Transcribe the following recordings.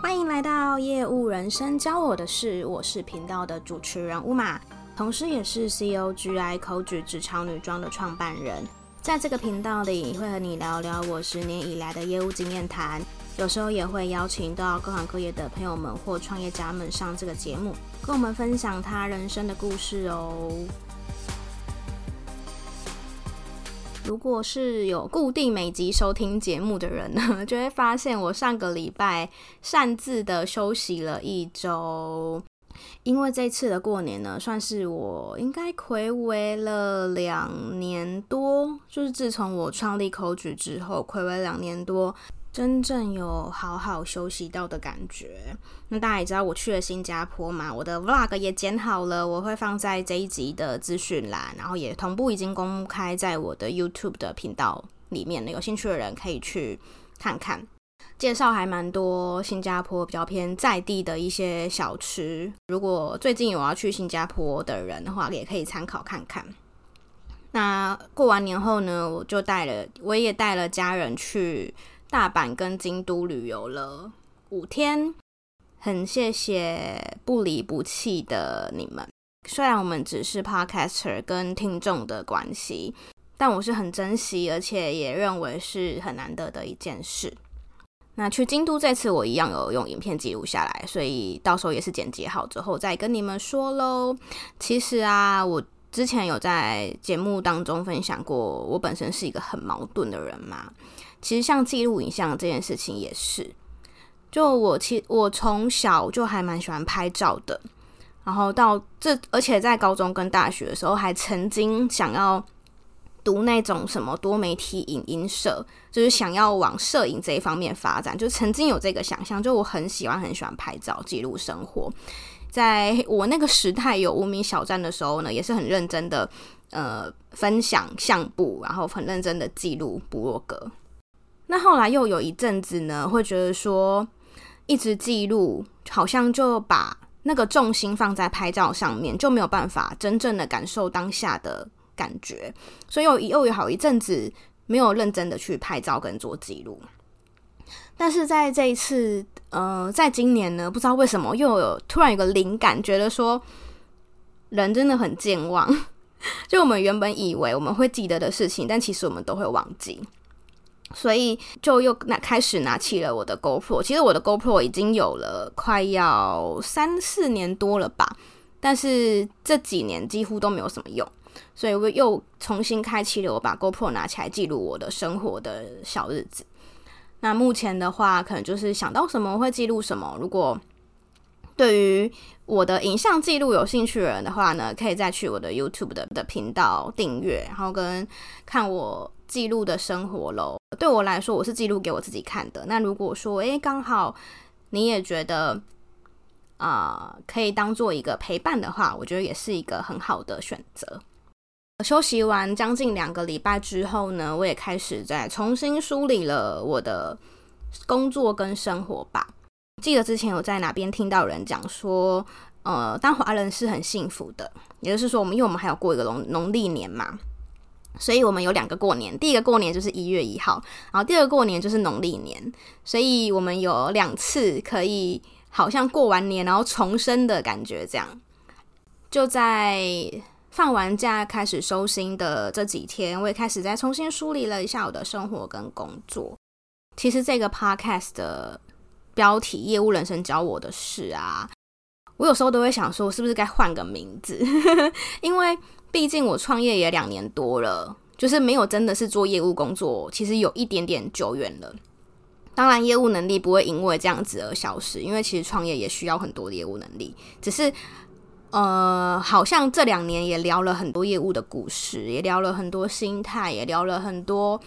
歡迎來到業務人生教我的事，我是頻道的主持人 Uma，同時也是 COGIVIBE 職場女裝的創辦人，在這個頻道裡會和你聊聊我十年以來的業務經驗談，有時候也會邀請到各行各業的朋友們或創業家們上這個節目，跟我們分享他人生的故事哦。如果是有固定每集收聽節目的人呢，就會發現我上個禮拜擅自的休息了一周，因為這次的過年呢，算是我應該睽違了兩年多，就是自從我創立口舉之後，睽違兩年多。真正有好好休息到的感覺。那大家也知道，我去了新加坡嘛，我的 vlog 也剪好了，我會放在這一集的資訊欄，然後也同步已經公開在我的 YouTube 的頻道裡面了，有興趣的人可以去看看，介紹還蠻多新加坡比較偏在地的一些小吃。如果最近有要去新加坡的人的話，也可以參考看看。那過完年後呢，我就帶了，我也帶了家人去。大阪跟京都旅遊了五天，很謝謝不離不棄的你們。雖然我們只是 Podcaster 跟聽眾的關係，但我是很珍惜，而且也認為是很難得的一件事。那去京都這次我一樣有用影片記錄下來，所以到時候也是剪輯好之後再跟你們說嘍。其實啊，我。之前有在節目當中分享過，我本身是一個很矛盾的人嘛。其實像記錄影像這件事情也是，就我其我從小就還蠻喜歡拍照的，然後到這，而且在高中跟大學的時候，還曾經想要讀那種什麼多媒體影音社，就是想要往攝影這一方面發展，就曾經有這個想象。就我很喜歡很喜歡拍照記錄生活。在我那個時代有無名小站的時候呢，也是很認真的，呃，分享相簿，然後很認真的記錄部落格。那後來又有一陣子呢，會覺得說，一直記錄，好像就把那個重心放在拍照上面，就沒有辦法真正的感受當下的感覺，所以又又有好一陣子沒有認真的去拍照跟做記錄。但是在這一次，呃，在今年呢，不知道為什麼又有突然有個靈感，覺得說人真的很健忘， 就我們原本以為我們會記得的事情，但其實我們都會忘記，所以就又那開始拿起了我的 GoPro。其實我的 GoPro 已經有了快要三四年多了吧，但是這幾年幾乎都沒有什麼用，所以我又重新開啟了我把 GoPro 拿起來記錄我的生活的小日子。那目前的話，可能就是想到什麼會記錄什麼。如果對於我的影像記錄有興趣的人的話呢，可以再去我的 YouTube 的、的頻道訂閱，然後跟看我記錄的生活嘍。對我來說，我是記錄給我自己看的。那如果說，誒，剛好你也覺得啊，呃，可以當做一個陪伴的話，我覺得也是一個很好的選擇。休息完將近兩個禮拜之後呢，我也開始在重新梳理了我的工作跟生活吧。記得之前我在哪邊聽到人講說，呃，當華人是很幸福的，也就是說，我們因為我們還要過一個農農曆年嘛，所以我們有兩個過年。第一個過年就是一月一號，然後第二個過年就是農曆年，所以我們有兩次可以好像過完年然後重生的感覺，這樣就在。放完假開始收心的這幾天，我也開始再重新梳理了一下我的生活跟工作。其實這個 podcast 的標題“業務人生教我的事”啊，我有時候都會想說，我是不是該換個名字？ 因為畢竟我創業也兩年多了，就是沒有真的是做業務工作，其實有一點點久遠了。當然，業務能力不會因為這樣子而消失，因為其實創業也需要很多的業務能力，只是。呃，好像這兩年也聊了很多業務的故事，也聊了很多心態，也聊了很多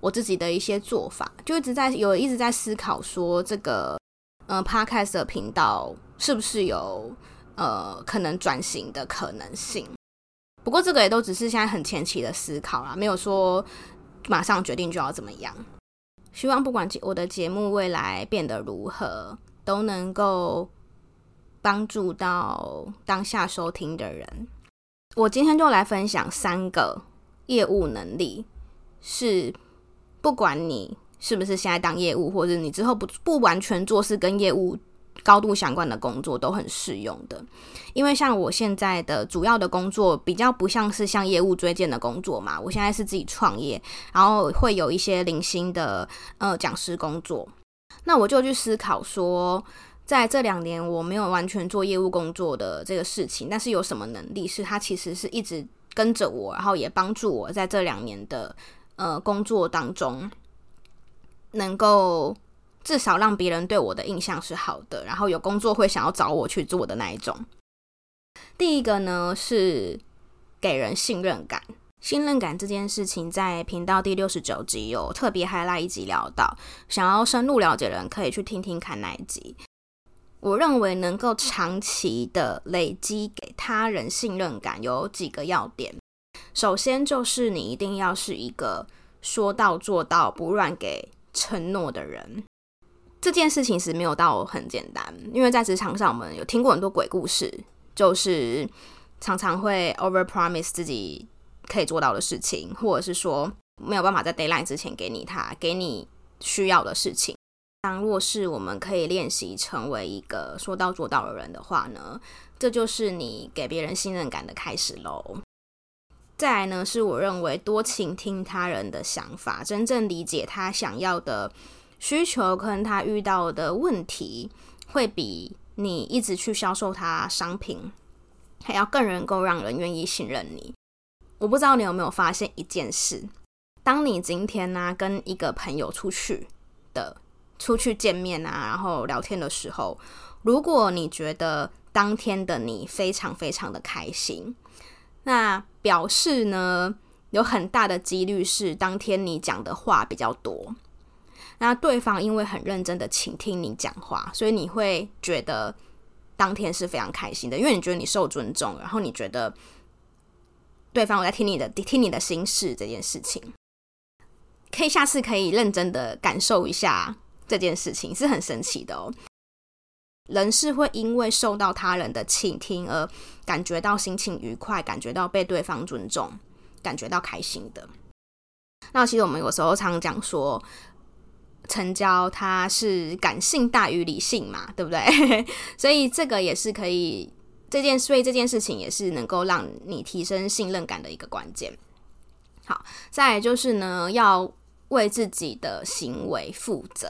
我自己的一些做法，就一直在有一直在思考說這個，呃 Podcast 的頻道是不是有呃可能轉型的可能性？不過這個也都只是現在很前期的思考啦，沒有說馬上決定就要怎麼樣。希望不管我的節目未來變得如何，都能夠。幫助到當下收聽的人，我今天就來分享三個業務能力，是不管你是不是現在當業務，或者你之後不不完全做事跟業務高度相關的工作都很適用的。因為像我現在的主要的工作比較不像是像業務推薦的工作嘛，我現在是自己創業，然後會有一些零星的呃講師工作，那我就去思考說。在這兩年我沒有完全做業務工作的這個事情，但是有什麼能力是他其實是一直跟着我，然後也幫助我在這兩年的呃工作當中，能夠至少讓別人對我的印象是好的，然後有工作會想要找我去做的那一種。第一個呢是給人信任感，信任感這件事情在頻道第六十九集有特別 highlight 一集聊到，想要深入了解的人可以去聽聽看那一集。我認為能夠長期的累積給他人信任感有幾個要點，首先就是你一定要是一個說到做到、不亂給承諾的人。這件事情是沒有到很簡單，因為在職場上我們有聽過很多鬼故事，就是常常會 over promise 自己可以做到的事情，或者是說沒有辦法在 deadline 之前給你他，給你需要的事情。若是我們可以練習成為一個說到做到的人的話呢，這就是你給別人信任感的開始嘍。再來呢，是我認為多傾聽他人的想法，真正理解他想要的需求，跟他遇到的問題，會比你一直去銷售他商品還要更能夠讓人願意信任你。我不知道你有沒有發現一件事，當你今天呢、啊、跟一個朋友出去的。出去見面啊，然後聊天的時候，如果你覺得當天的你非常非常的開心，那表示呢，有很大的幾率是當天你講的話比較多。那對方因為很認真的傾聽你講話，所以你會覺得當天是非常開心的，因為你覺得你受尊重，然後你覺得對方我在聽你的聽你的心事這件事情，可以下次可以認真的感受一下。這件事情是很神奇的哦，人是會因為受到他人的傾聽而感覺到心情愉快，感覺到被對方尊重，感覺到開心的。那其實我們有時候常常講說，成交它是感性大於理性嘛，對不對？ 所以這個也是可以，這件所以這件事情也是能夠讓你提升信任感的一個關鍵。好，再來就是呢要。為自己的行為負責，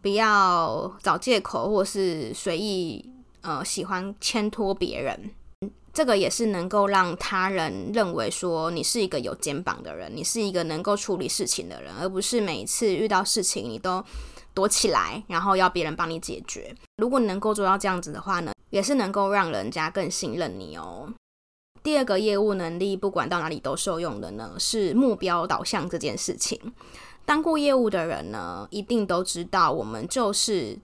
不要找借口或是隨意呃喜歡牽拖別人，這個也是能夠讓他人認為說你是一個有肩膀的人，你是一個能夠處理事情的人，而不是每一次遇到事情你都躲起來，然後要別人幫你解決。如果能夠做到這樣子的話呢，也是能夠讓人家更信任你哦。第二個業務能力，不管到哪裡都受用的呢，是目標導向這件事情。當過業務的人呢，一定都知道，我們就是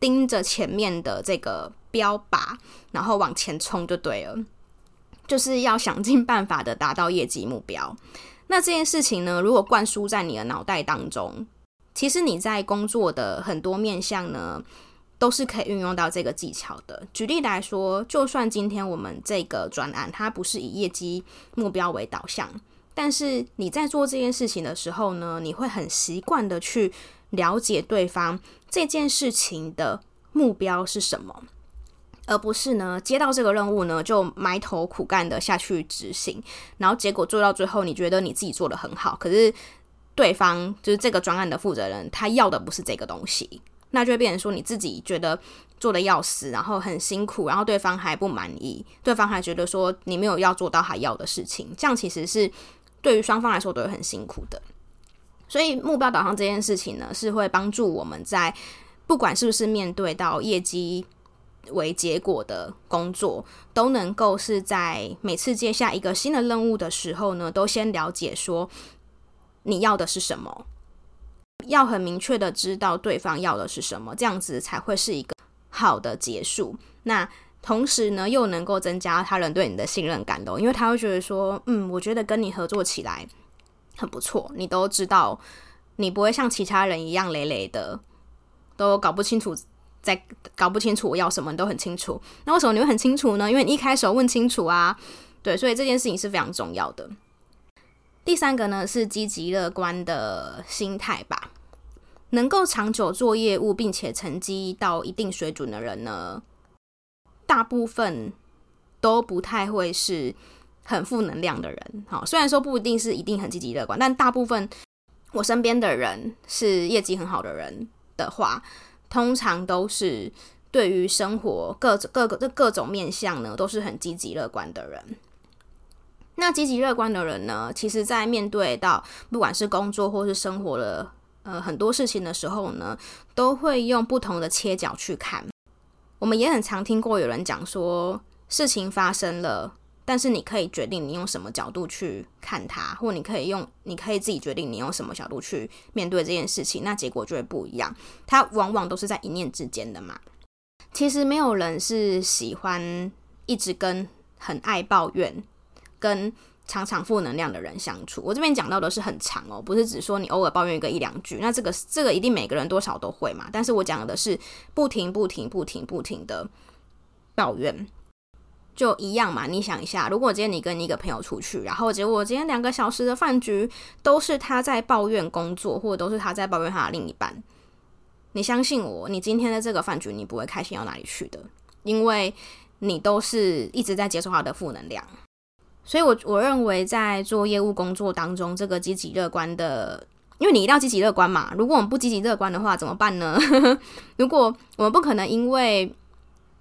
盯着前面的這個標靶，然後往前衝就對了，就是要想盡辦法的達到業績目標。那這件事情呢，如果灌輸在你的腦袋當中，其實你在工作的很多面向呢，都是可以運用到這個技巧的。舉例來說，就算今天我們這個專案它不是以業績目標為導向，但是你在做這件事情的時候呢，你會很習慣的去了解對方這件事情的目標是什麼，而不是呢接到這個任務呢就埋頭苦幹的下去執行，然後結果做到最後，你覺得你自己做得很好，可是對方就是這個專案的負責人，他要的不是這個東西。那就會變成說你自己覺得做的要死，然後很辛苦，然後對方還不滿意，對方還覺得說你沒有要做到他要的事情，這樣其實是對於雙方來說都會很辛苦的。所以目標導向這件事情呢，是會幫助我們在不管是不是面對到業績為結果的工作，都能夠是在每次接下一個新的任務的時候呢，都先了解說你要的是什麼。要很明確的知道對方要的是什麼，這樣子才會是一個好的結束。那同時呢，又能夠增加他人對你的信任感的，因為他會覺得說，嗯，我覺得跟你合作起來很不錯。你都知道，你不會像其他人一樣累累的，都搞不清楚，在搞不清楚我要什麼，你都很清楚。那為什麼你會很清楚呢？因為你一開始問清楚啊，對，所以這件事情是非常重要的。第三個呢，是積極樂觀的心態吧。能夠長久做業務，並且成績到一定水準的人呢，大部分都不太會是很負能量的人。好，雖然說不一定是一定很積極樂觀，但大部分我身邊的人是業績很好的人的話，通常都是對於生活各種各個各種面向呢，都是很積極樂觀的人。那積極樂觀的人呢，其實，在面對到不管是工作或是生活的。呃，很多事情的時候呢，都會用不同的切角去看。我們也很常聽過有人講說，事情發生了，但是你可以決定你用什麼角度去看它，或你可以用，你可以自己決定你用什麼角度去面對這件事情，那結果就會不一樣。它往往都是在一念之間的嘛。其實沒有人是喜歡一直跟很愛抱怨跟。常常負能量的人相處，我這邊講到的是很長哦，不是只說你偶爾抱怨一個一兩句。那這個這個一定每個人多少都會嘛。但是我講的是不停不停不停不停的抱怨，就一樣嘛。你想一下，如果今天你跟你一個朋友出去，然後結果我今天兩個小時的飯局都是他在抱怨工作，或者都是他在抱怨他的另一半，你相信我，你今天的這個飯局你不會開心到哪裡去的，因為你都是一直在接受他的負能量。所以我，我我認為在做業務工作當中，這個積極樂觀的，因為你一定要積極樂觀嘛。如果我們不積極樂觀的話，怎麼辦呢？ 如果我們不可能因為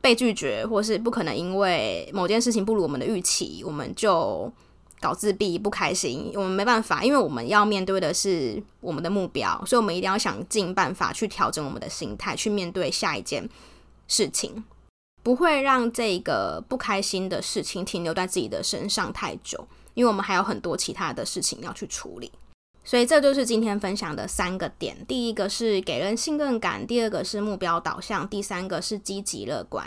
被拒絕，或是不可能因為某件事情不如我們的預期，我們就搞自閉、不開心，我們沒辦法，因為我們要面對的是我們的目標，所以我們一定要想盡辦法去調整我們的心態，去面對下一件事情。不會讓這個不開心的事情停留在自己的身上太久，因為我們還有很多其他的事情要去處理。所以這就是今天分享的三個點：第一個是給人信任感，第二個是目標導向，第三個是積極樂觀。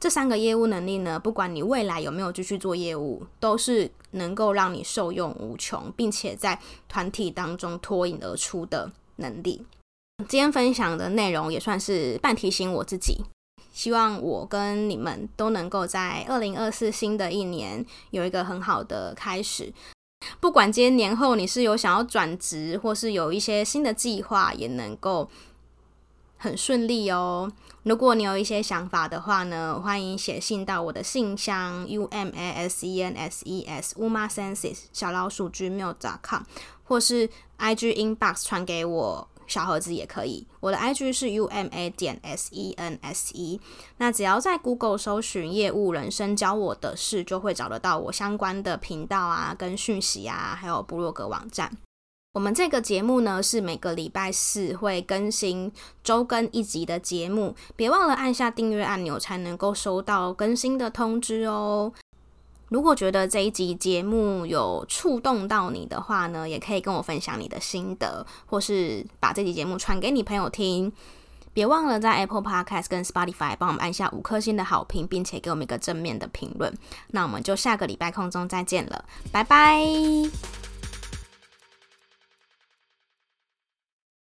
這三個業務能力呢，不管你未來有沒有繼續做業務，都是能夠讓你受用無窮，並且在團體當中脫穎而出的能力。今天分享的內容也算是半提醒我自己。希望我跟你們都能夠在二零二四新的一年有一個很好的開始。不管今年年後你是有想要轉職，或是有一些新的計劃，也能夠很順利哦。如果你有一些想法的話呢，歡迎寫信到我的信箱 umasenses 小老鼠 gmail.com 或是 IG inbox 傳給我。小盒子也可以。我的 IG 是 uma.sense。那只要在 Google 搜尋“業務人生教我的事”，就會找得到我相關的頻道啊、跟訊息啊，還有部落格網站。我們這個節目呢，是每個禮拜四會更新週更一集的節目。別忘了按下訂閱按鈕，才能夠收到更新的通知哦。如果覺得這一集節目有觸動到你的話呢，也可以跟我分享你的心得，或是把這集節目傳給你朋友聽。別忘了在 Apple Podcast 跟 Spotify 幫我們按下五顆星的好評，並且給我們一個正面的評論。那我們就下個禮拜空中再見了，拜拜。